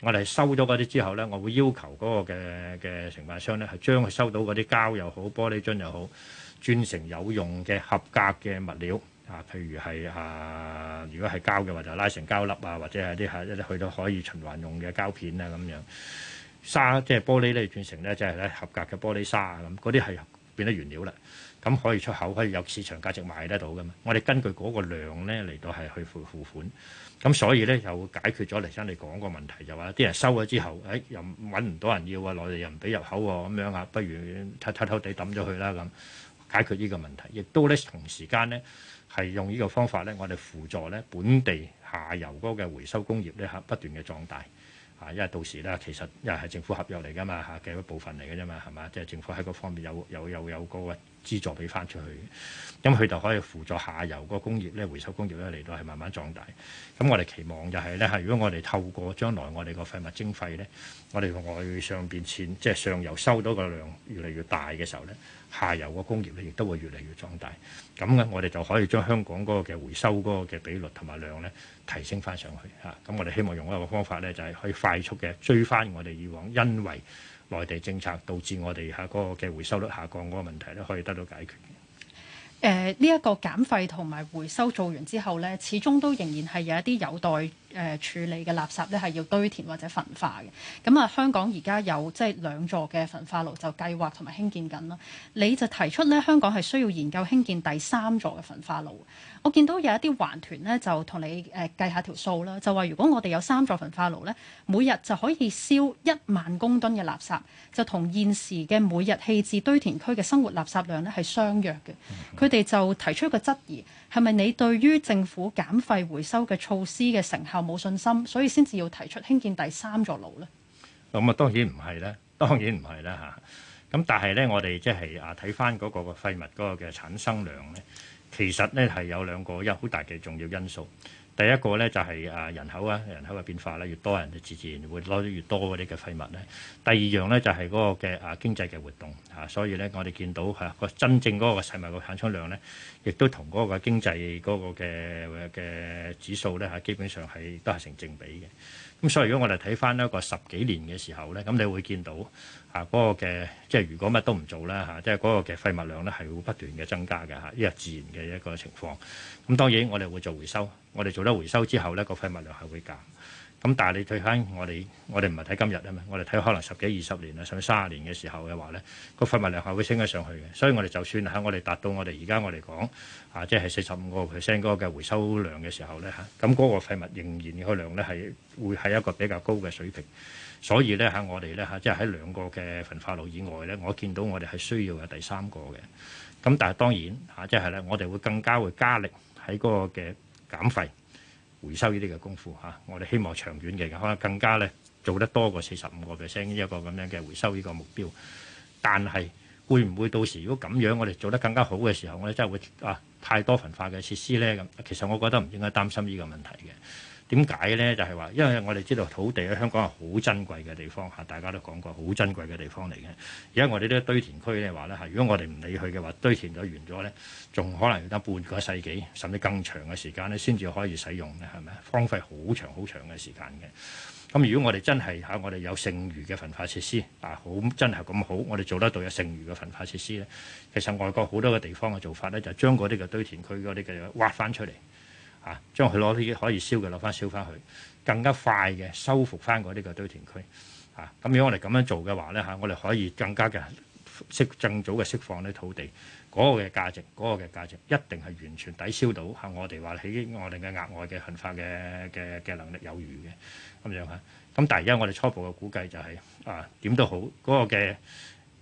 我哋收咗嗰啲之後咧，我會要求嗰個嘅嘅承辦商咧係將佢收到嗰啲膠又好玻璃樽又好，轉成有用嘅合格嘅物料。啊，譬如係啊，如果係膠嘅話，就拉成膠粒啊，或者係啲係一去到可以循環用嘅膠片啊，咁樣沙即係玻璃咧，轉成咧即係合格嘅玻璃沙啊，咁嗰啲係變得原料啦。咁可以出口，可以有市場價值賣得到噶嘛。我哋根據嗰個量咧嚟到係去付付款咁，所以咧又解決咗黎生你講個問題，就是，就話啲人收咗之後，誒、哎、又揾唔到人要啊，內地又唔俾入口喎，咁樣啊，不如偷偷哋抌咗佢啦咁，解決呢個問題，亦都咧同時間咧。呢係用呢個方法咧，我哋輔助咧本地下游嗰個回收工業咧，嚇不斷嘅壯大，嚇，因為到時咧其實又係政府合約嚟噶嘛，嚇嘅一部分嚟嘅啫嘛係嘛，即係、就是、政府喺嗰方面有有有有個。資助俾翻出去，咁佢就可以輔助下游個工業咧，回收工業咧嚟到係慢慢壯大。咁我哋期望就係咧，係如果我哋透過將來我哋個廢物徵費咧，我哋外上邊錢，即係上游收到個量越嚟越大嘅時候咧，下游個工業咧亦都會越嚟越壯大。咁咧，我哋就可以將香港嗰個嘅回收嗰個嘅比率同埋量咧提升翻上去嚇。咁我哋希望用一個方法咧，就係可以快速嘅追翻我哋以往，因為內地政策導致我哋下個嘅回收率下降嗰個問題咧，可以得到解決嘅。誒、呃，呢、這、一個減廢同埋回收做完之後咧，始終都仍然係有一啲有待。誒處理嘅垃圾咧係要堆填或者焚化嘅，咁、嗯、啊香港而家有即係、就是、兩座嘅焚化爐就計劃同埋興建緊啦。你就提出咧香港係需要研究興建第三座嘅焚化爐。我見到有一啲環團咧就同你誒、呃、計下條數啦，就話如果我哋有三座焚化爐咧，每日就可以燒一萬公噸嘅垃圾，就同現時嘅每日棄置堆填區嘅生活垃圾量咧係相若嘅。佢哋就提出一個質疑係咪你對於政府減廢回收嘅措施嘅成效冇信心，所以先至要提出興建第三座爐咧。咁啊，當然唔係啦，當然唔係啦吓。咁、啊、但係咧，我哋即係啊睇翻嗰個廢物嗰個嘅產生量咧，其實咧係有兩個一有好大嘅重要因素。第一個咧就係、是、啊人口啊人口嘅變化啦，越多人就自然會攞得越多嗰啲嘅廢物咧。第二樣咧就係、是、嗰個嘅啊經濟嘅活動吓、啊。所以咧我哋見到吓個、啊、真正嗰個嘅廢物嘅產生量咧。亦都同嗰個經濟嗰個嘅嘅指數呢，嚇，基本上係都係成正比嘅。咁所以如果我哋睇返一個十幾年嘅時候呢，咁你會見到嚇嗰，啊嗰個嘅即係如果乜都唔做咧嚇，啊，即係嗰個嘅廢物量呢係會不斷嘅增加嘅嚇，呢，啊、個自然嘅一個情況。咁當然我哋會做回收，我哋做咗回收之後呢，個廢物量係會減，咁但係你睇翻我哋，我哋唔係睇今日啊嘛，我哋睇可能十幾二十年啊，甚至三十年嘅時候嘅話咧，個廢物量係會升得上去嘅。所以我哋就算喺、啊、我哋達到我哋而家我哋講啊，即係四十五個 percent 嗰個嘅回收量嘅時候咧嚇，咁、啊、嗰、嗰個廢物仍然個量咧係會係一個比較高嘅水平。所以咧喺、啊、我哋咧嚇，即係喺兩個嘅焚化爐以外咧，我見到我哋係需要有第三個嘅。咁、啊、但係當然嚇、啊，即係咧，我哋會更加會加力喺嗰個嘅減廢回收呢啲嘅功夫吓、啊，我哋希望長遠嘅，可能更加咧做得多過四十五個 percent 一個咁樣嘅回收呢個目標。但係會唔會到時如果咁樣我哋做得更加好嘅時候，我哋真係會啊太多焚化嘅設施咧？咁其實我覺得唔應該擔心呢個問題嘅。點解呢？就係話，因為我哋知道土地喺香港係好珍貴嘅地方嚇，大家都講過好珍貴嘅地方嚟嘅。而家我哋呢堆填區咧話呢，如果我哋唔理佢嘅話，堆填咗完咗呢，仲可能要得半個世紀甚至更長嘅時間呢先至可以使用咧，係咪？荒廢好長好長嘅時間嘅。咁如果我哋真係嚇，我哋有剩餘嘅焚化設施啊，好真係咁好，我哋做得到有剩餘嘅焚化設施呢。其實外國好多嘅地方嘅做法呢，就將嗰啲嘅堆填區嗰啲嘅挖翻出嚟。啊！將佢攞啲可以燒嘅攞翻燒翻去，更加快嘅修復翻嗰啲嘅堆填區啊！咁如果我哋咁樣做嘅話咧嚇、啊，我哋可以更加嘅釋、啊、更，更早嘅釋放呢土地嗰、嗰個嘅價值，嗰、嗰、嘅、個、價值一定係完全抵消到，係、啊、我哋話起我哋嘅額外嘅行法嘅嘅嘅能力有餘嘅咁樣嚇。咁但而家我哋初步嘅估計就係、係、啊，點都好嗰、嗰個嘅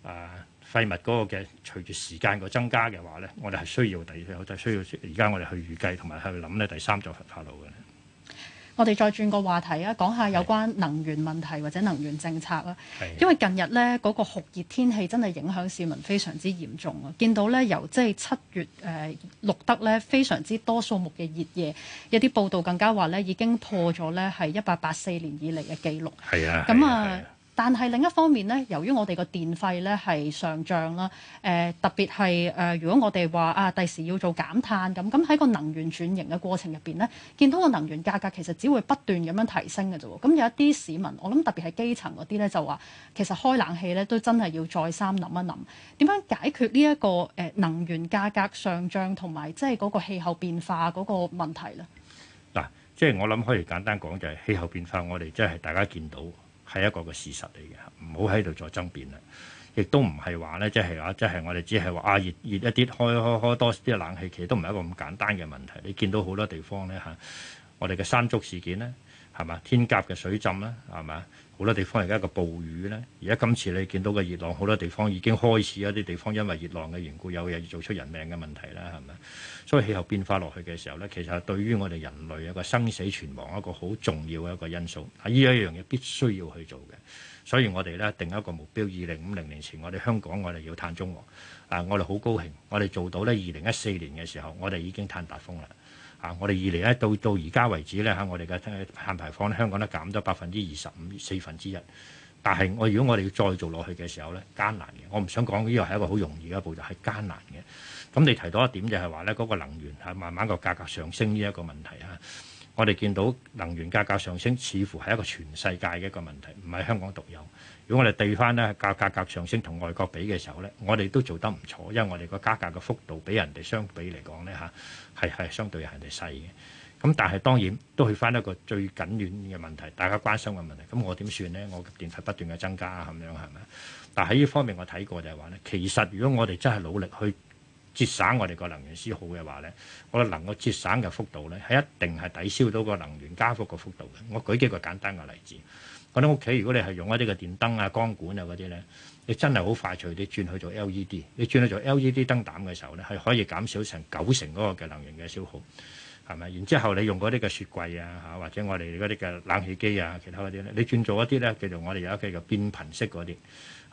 啊。廢物嗰個嘅隨住時間個增加嘅話咧，我哋係需要第二，我哋需要而家我哋去預計同埋去諗咧第三座焚化爐嘅。我哋再轉個話題啊，講下有關能源問題或者能源政策啦。的因為近日咧嗰個酷熱天氣真係影響市民非常之嚴重啊！見到咧由即係七月誒錄得咧非常之多數目嘅熱夜，有啲報道更加話咧已經破咗咧係一八八四年以嚟嘅記錄。係啊，咁啊。但係另一方面呢，由於我哋個電費呢係上漲啦，誒、呃、特別係誒、呃，如果我哋話啊，第時要做減碳咁，咁喺個能源轉型嘅過程入邊呢，見到個能源價格其實只會不斷咁樣提升嘅啫。咁有一啲市民，我諗特別係基層嗰啲呢，就話其實開冷氣呢都真係要再三諗一諗，點樣解決呢、這、一個誒、呃、能源價格上漲同埋即係嗰個氣候變化嗰個問題呢？嗱，即係我諗可以簡單講就係、是、氣候變化，我哋即係大家見到。係一個個事實嚟嘅，唔好喺度再爭辯啦。亦都唔係話咧，即係啊，即係我哋只係話啊，熱熱一啲，開開開，開多啲冷氣，其實都唔係一個咁簡單嘅問題。你見到好多地方咧嚇、啊，我哋嘅山竹事件咧，係嘛？天鴿嘅水浸啦，係嘛？好多地方而家個暴雨呢，而家今次你見到嘅熱浪，好多地方已經開始，一啲地方因為熱浪嘅緣故，有嘢要做出人命嘅問題啦，係咪？所以氣候變化落去嘅時候呢，其實係對於我哋人類一個生死存亡一個好重要嘅一個因素，啊，呢一樣嘢必須要去做嘅。所以我哋呢，定一個目標，二零五零年前我哋香港我哋要碳中和，啊，我哋好高興，我哋做到呢。二零一四年嘅時候，我哋已經碳達峰啦。啊！我哋以嚟咧，到到而家為止呢，嚇、啊、我哋嘅碳排放香港咧減咗百分之二十五四分之一。但係我如果我哋要再做落去嘅時候呢，艱難嘅。我唔想講呢、這個係一個好容易嘅一步就係艱難嘅。咁、嗯、你提到一點就係話呢嗰個能源嚇、啊、慢慢個價格上升呢一個問題啊！我哋見到能源價格上升，似乎係一個全世界嘅一個問題，唔係香港獨有。如果我哋對翻咧價價格上升同外國比嘅時候呢，我哋都做得唔錯，因為我哋個加價嘅幅度比人哋相比嚟講呢。嚇、啊。啊啊啊係係相對人哋細嘅，咁但係當然都去翻一個最緊要嘅問題，大家關心嘅問題。咁我點算呢？我電費不斷嘅增加咁樣係咪？但係呢方面我睇過就係話呢，其實如果我哋真係努力去節省我哋個能源消耗嘅話呢，我能夠節省嘅幅度呢，係一定係抵消到個能源加幅嘅幅度嘅。我舉幾個簡單嘅例子。講到屋企，如果你係用一啲嘅電燈啊、光管啊嗰啲咧，你真係好快脆你轉去做 L E D。你轉去做 L E D 燈膽嘅時候咧，係可以減少成九成嗰個嘅能源嘅消耗，係咪？然之後你用嗰啲嘅雪櫃啊嚇，或者我哋嗰啲嘅冷氣機啊，其他嗰啲咧，你轉做一啲咧叫做我哋有一個叫做變頻式嗰啲，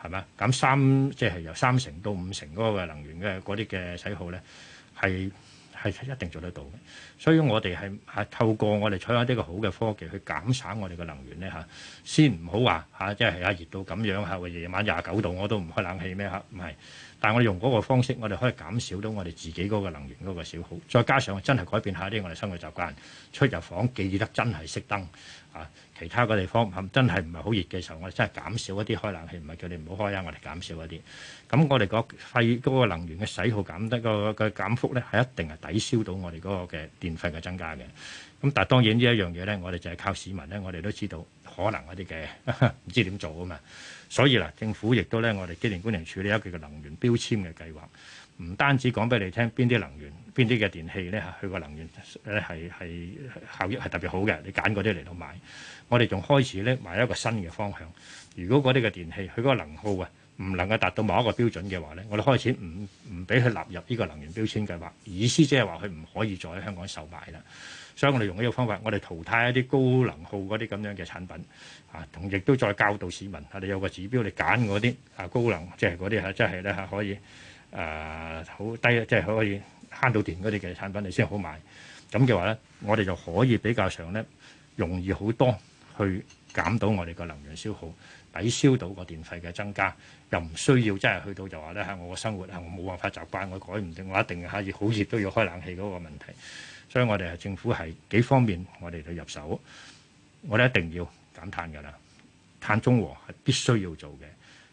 係咪？減三即係、就是、由三成到五成嗰個能源嘅嗰啲嘅使耗咧係。係一定做得到嘅，所以我哋係透過我哋採下啲個好嘅科技去減省我哋嘅能源呢嚇，先唔好話嚇，即係啊熱到咁樣嚇，夜晚廿九度我都唔開冷氣咩嚇？唔係，但係我哋用嗰個方式，我哋可以減少到我哋自己嗰個能源嗰個消耗，再加上真係改變下啲我哋生活習慣，出入房記得真係熄燈。其他嘅地方真係唔係好熱嘅時候，我哋真係減少一啲開冷氣，唔係叫你唔好開啊！我哋減少一啲，咁我哋個費嗰、嗰個能源嘅洗耗減得、嗰個、嗰個減幅呢，係一定係抵消到我哋嗰個嘅電費嘅增加嘅。咁但係當然呢一樣嘢呢，我哋就係靠市民呢，我哋都知道可能一啲嘅，唔 知點做啊嘛。所以啦，政府亦都呢，我哋機電工程署有一個能源標籤嘅計劃，唔單止講俾你聽邊啲能源。邊啲嘅電器咧嚇，佢個能源咧係係效益係特別好嘅，你揀嗰啲嚟到買。我哋仲開始咧買一個新嘅方向。如果嗰啲嘅電器佢嗰個能耗啊，唔能夠達到某一個標準嘅話咧，我哋開始唔唔俾佢納入呢個能源標籤計劃。意思即係話佢唔可以再喺香港售賣啦。所以我哋用呢個方法，我哋淘汰一啲高能耗嗰啲咁樣嘅產品啊，同亦都再教導市民，啊、你有個指標，你揀嗰啲啊高能，即係嗰啲嚇，即係咧可以啊好低，即係可以。啊慳到電嗰啲嘅產品你先好買，咁嘅話呢，我哋就可以比較上呢，容易好多去減到我哋個能源消耗，抵消到個電費嘅增加，又唔需要真係去到就話呢：我「我個生活係我冇辦法習慣，我改唔定，我一定下越好熱都要開冷氣嗰個問題。所以我哋係政府係幾方面我哋去入手，我哋一定要減碳㗎啦，碳中和係必須要做嘅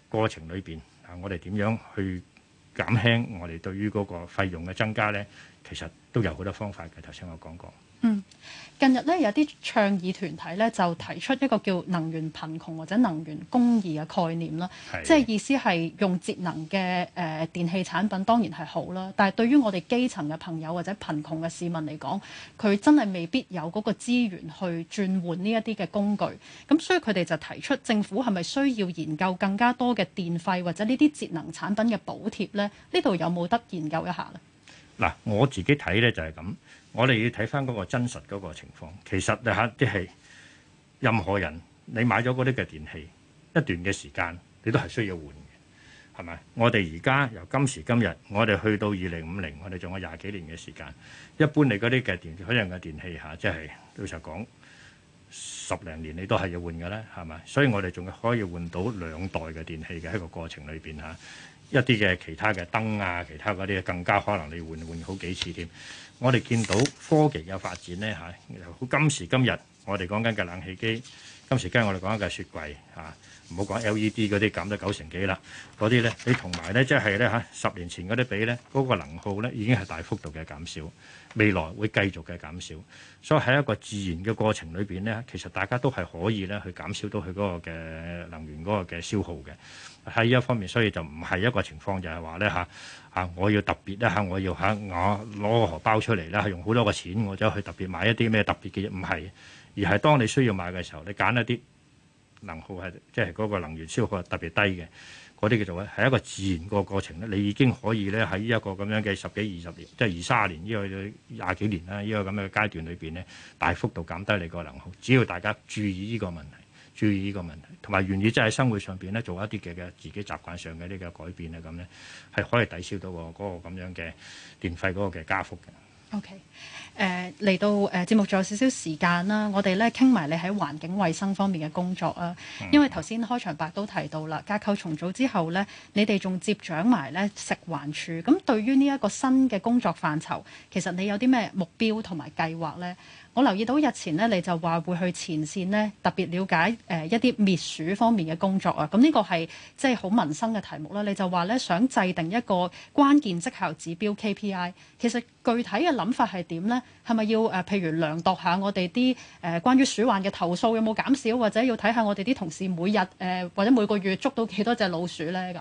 過程裏邊，我哋點樣去？減輕我哋對於嗰個費用嘅增加呢，其實都有好多方法嘅。頭先我講過。嗯近日咧有啲倡議團體咧就提出一個叫能源貧窮或者能源公義嘅概念啦，即係的意思係用節能嘅誒電器產品當然係好啦，但係對於我哋基層嘅朋友或者貧窮嘅市民嚟講，佢真係未必有嗰個資源去轉換呢一啲嘅工具，咁所以佢哋就提出政府係咪需要研究更加多嘅電費或者呢啲節能產品嘅補貼咧？呢度有冇得研究一下咧？嗱，我自己睇呢，就係咁，我哋要睇翻嗰個真實嗰個情況。其實啊嚇，即係任何人，你買咗嗰啲嘅電器一段嘅時間，你都係需要換嘅，係咪？我哋而家由今時今日，我哋去到二零五零，我哋仲有廿幾年嘅時間。一般你嗰啲嘅電，可能嘅電器嚇、啊，即係老實講，十零年你都係要換㗎啦，係咪？所以我哋仲可以換到兩代嘅電器嘅喺個過程裏邊嚇。啊一啲嘅其他嘅燈啊，其他嗰啲更加可能你換換好幾次添。我哋見到科技嘅發展呢嚇，啊、今時今日我哋講緊嘅冷氣機，今時今日我哋講緊嘅雪櫃嚇，唔好講 LED 嗰啲減咗九成幾啦。嗰啲呢，你同埋呢，即係呢，嚇、啊，十年前嗰啲比呢，嗰、嗰個能耗呢已經係大幅度嘅減少。未來會繼續嘅減少，所以喺一個自然嘅過程裏邊呢，其實大家都係可以呢去減少到佢嗰個嘅能源嗰個嘅消耗嘅，喺呢一方面，所以就唔係一個情況，就係話呢：啊「嚇、啊、嚇，我要特別呢，嚇、啊，我要嚇我攞個荷包出嚟咧、啊，用好多個錢，我就去特別買一啲咩特別嘅嘢。唔係，而係當你需要買嘅時候，你揀一啲能耗係即係嗰個能源消耗係特別低嘅。我啲叫做係一個自然個過程咧，你已經可以咧喺依一個咁樣嘅十幾二十年，即係二三廿年呢個廿幾年啦，呢個咁嘅階段裏邊咧，大幅度減低你個能耗。只要大家注意呢個問題，注意呢個問題，同埋願意真係喺生活上邊咧做一啲嘅嘅自己習慣上嘅呢個改變啊咁咧，係可以抵消到個嗰咁樣嘅電費嗰個嘅加幅嘅。OK，誒、uh, 嚟到誒、uh, 節目仲有少少時間啦，我哋咧傾埋你喺環境衞生方面嘅工作啊。嗯、因為頭先開場白都提到啦，架構重組之後咧，你哋仲接掌埋咧食環署，咁對於呢一個新嘅工作範疇，其實你有啲咩目標同埋計劃咧？我留意到日前呢，你就話會去前線呢特別了解誒、呃、一啲滅鼠方面嘅工作啊。咁、嗯、呢、呢個係即係好民生嘅題目啦。你就話呢，想制定一個關鍵績效指標 KPI，其實具體嘅諗法係點呢？係咪要誒、呃、譬如量度下我哋啲誒關於鼠患嘅投訴有冇減少，或者要睇下我哋啲同事每日誒、呃、或者每個月捉到幾多隻老鼠呢？咁？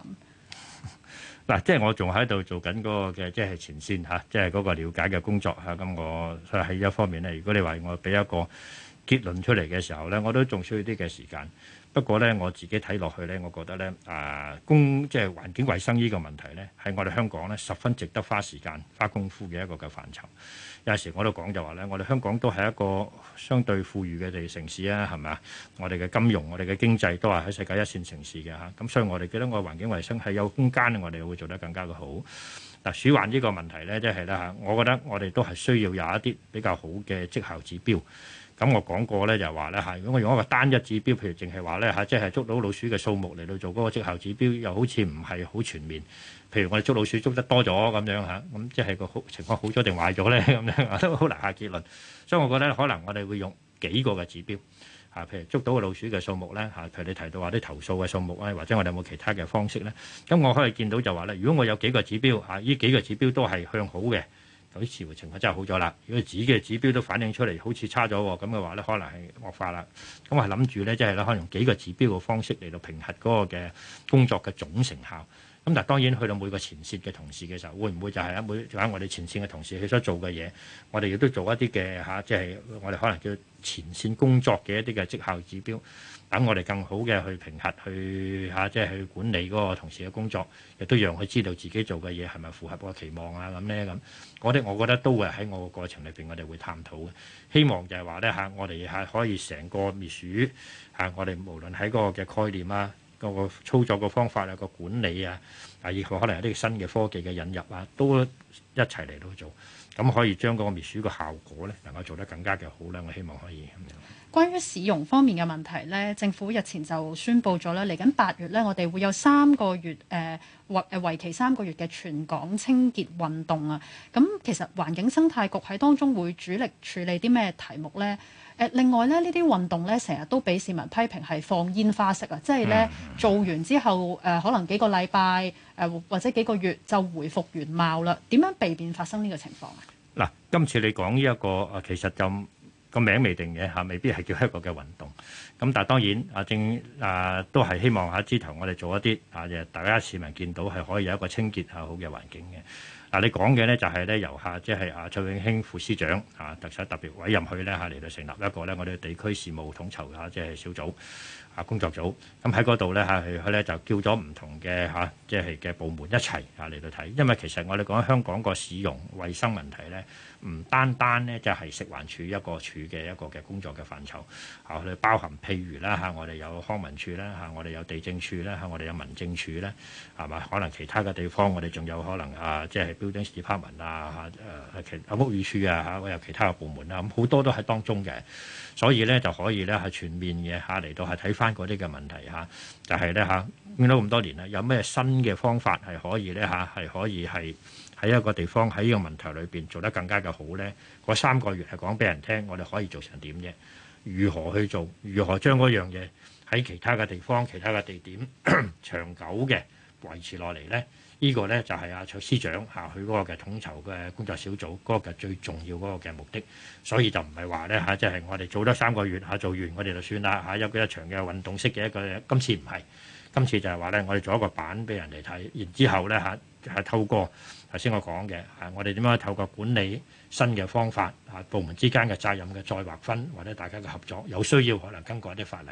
嗱、啊，即係我仲喺度做緊、那、嗰個嘅，即係前線吓、啊，即係嗰個了解嘅工作吓。咁、啊、我所以喺一方面呢，如果你話我俾一個結論出嚟嘅時候呢，我都仲需要啲嘅時間。不過呢，我自己睇落去呢，我覺得呢，啊，公即係環境衞生呢個問題呢，係我哋香港呢十分值得花時間花功夫嘅一個嘅範疇。有時我都講就話咧，我哋香港都係一個相對富裕嘅地城市啊，係咪？我哋嘅金融、我哋嘅經濟都係喺世界一線城市嘅嚇，咁所以我哋覺得我環境衞生係有空間，我哋會做得更加嘅好。嗱、啊，鼠患呢個問題咧，即係咧嚇，我覺得我哋都係需要有一啲比較好嘅績效指標。咁我講過咧，就話咧嚇，如果我用一個單一指標，譬如淨係話咧嚇，即係捉到老鼠嘅數目嚟到做嗰個績效指標，又好似唔係好全面。譬如我哋捉老鼠捉得多咗咁樣嚇，咁即係個好情況好咗定壞咗咧咁樣， 都好難下結論。所以，我覺得可能我哋會用幾個嘅指標。啊，譬如捉到嘅老鼠嘅數目咧，譬如你提到話啲投訴嘅數目啊，或者我哋有冇其他嘅方式咧？咁、嗯、我可以見到就話咧，如果我有幾個指標，啊，呢幾個指標都係向好嘅，嗰啲社會情況真係好咗啦。如果指嘅指標都反映出嚟好似差咗，咁、啊、嘅話咧，可能係惡化啦。咁、啊嗯、我係諗住咧，即係咧，可能用幾個指標嘅方式嚟到評核嗰個嘅工作嘅總成效。咁、啊、但係當然去到每個前線嘅同事嘅時候，會唔會就係每仲喺我哋前線嘅同事佢所做嘅嘢，我哋亦都做一啲嘅嚇，即、啊、係、就是、我哋可能叫、就是。前線工作嘅一啲嘅績效指標，等我哋更好嘅去評核、去嚇即係去管理嗰個同事嘅工作，亦都讓佢知道自己做嘅嘢係咪符合個期望啊咁呢，咁，嗰啲我覺得都會喺我個過程裏邊，我哋會探討嘅。希望就係話呢，嚇、啊，我哋嚇可以成個滅鼠，嚇、啊，我哋無論喺嗰個嘅概念啊、嗰、嗰個操作嘅方法有、嗰個管理啊，啊以後可能有啲新嘅科技嘅引入啊，都一齊嚟到做。咁可以將嗰個滅鼠嘅效果咧，能夠做得更加嘅好咧，我希望可以。嗯關於市容方面嘅問題呢，政府日前就宣布咗咧，嚟緊八月呢，我哋會有三個月誒，或誒為期三個月嘅全港清潔運動啊。咁其實環境生態局喺當中會主力處理啲咩題目呢？誒、啊，另外呢，呢啲運動呢，成日都俾市民批評係放煙花式啊，即、就、係、是、呢，嗯、做完之後誒、呃，可能幾個禮拜誒或者幾個月就回復原貌啦。點樣避免發生呢個情況啊？嗱，今次你講呢一個誒，其實就個名未定嘅嚇，未必係叫一個嘅運動。咁但係當然正，阿政啊都係希望嚇，之、啊、頭我哋做一啲啊大家市民見到係可以有一個清潔啊好嘅環境嘅。嗱、啊，你講嘅呢就係呢，就是、由下即係阿卓永興副司長啊，特首特別委任佢呢，嚇嚟到成立一個呢我哋、啊、地區事務統籌嚇即係小組啊工作組。咁喺嗰度呢，嚇、啊，佢呢就叫咗唔同嘅嚇即係嘅部門一齊啊嚟到睇，因為其實我哋講香港個市容衞生問題呢，唔單單呢，就係食環署一個署嘅一個嘅工作嘅範疇嚇，佢、啊、包含譬如啦嚇、啊，我哋有康文署啦，嚇、啊，我哋有地政署啦，嚇、啊，我哋有民政署啦，係、啊、嘛，可能其他嘅地方我哋仲有可能啊，即係標準市評文啊嚇誒，啊屋宇署啊嚇，我、啊、有其他嘅部門啦，咁、啊、好多都喺當中嘅，所以咧就可以咧係、啊、全面嘅嚇嚟到係睇翻嗰啲嘅問題嚇、啊，就係咧嚇，見到咁多年咧，有咩新嘅方法係可以咧嚇係可以係。喺一個地方喺呢個問題裏邊做得更加嘅好咧。嗰三個月係講俾人聽，我哋可以做成點啫？如何去做？如何將嗰樣嘢喺其他嘅地方、其他嘅地點長久嘅維持落嚟咧？呢個咧就係阿卓司長嚇佢嗰個嘅統籌嘅工作小組嗰個嘅最重要嗰個嘅目的。所以就唔係話咧嚇，即係我哋做得三個月嚇做完，我哋就算啦嚇，有一場嘅運動式嘅一個。今次唔係，今次就係話咧，我哋做一個版俾人哋睇，然之後咧嚇係透過。頭先我講嘅，啊，我哋點樣透過管理新嘅方法，啊，部門之間嘅責任嘅再劃分，或者大家嘅合作，有需要可能根據一啲法例，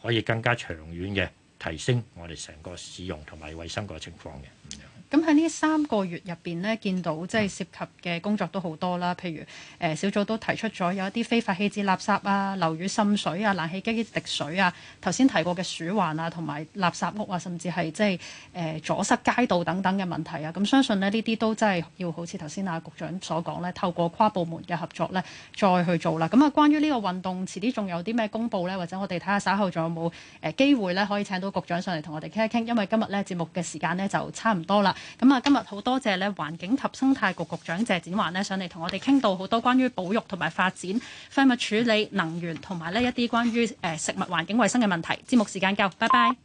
可以更加長遠嘅提升我哋成個市容同埋衞生個情況嘅。咁喺呢三個月入邊呢，見到即係涉及嘅工作都好多啦。譬如誒、呃，小組都提出咗有一啲非法棄置垃圾啊、樓宇滲水啊、冷氣機滴水啊、頭先提過嘅鼠患啊，同埋垃圾屋啊，甚至係即係誒阻塞街道等等嘅問題啊。咁、嗯、相信咧，呢啲都真係要好似頭先阿局長所講呢，透過跨部門嘅合作呢，再去做啦。咁、嗯、啊，關於呢個運動，遲啲仲有啲咩公佈呢？或者我哋睇下稍後仲有冇誒、呃、機會呢？可以請到局長上嚟同我哋傾一傾。因為今日呢節目嘅時間呢，就差唔多啦。咁啊，今日好多謝呢環境及生態局局長謝展寰呢上嚟同我哋傾到好多關於保育同埋發展、廢物處理、能源同埋呢一啲關於誒食物、環境衛生嘅問題。節目時間夠，拜拜。